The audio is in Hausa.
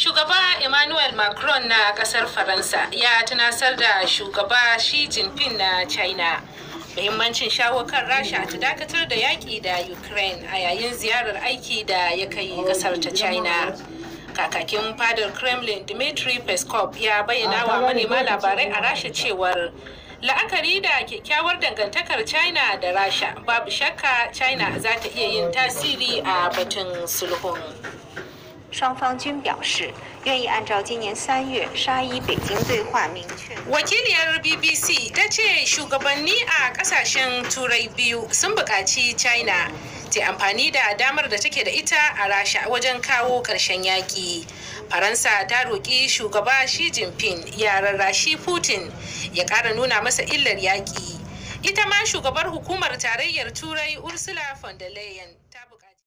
Shugaba Emmanuel Macron na kasar Faransa ya tunasar da shugaba Xi Jinping na China. Muhimmancin shawo kan Rasha ta dakatar da yaƙi da Ukraine a yayin ziyarar aiki da ya kai kasar ta China. Kakakin fadar Kremlin Dmitry Peskov ya bayyana wa manema labarai a Rasha cewar la'akari da kyakkyawar dangantakar china da rasha babu shakka china za ta iya yin tasiri a batun sulhun Wakiliyar BBC ta ce shugabanni a kasashen Turai biyu sun buƙaci China ta amfani da damar da take da ita a Rasha wajen kawo ƙarshen yaƙi. Faransa ta roƙi shugaba Xi Jinping ya rarrashi Putin ya ƙara nuna masa illar yaƙi. Ita ma shugabar hukumar tarayyar Turai Ursula von der Leyen ta buƙaci.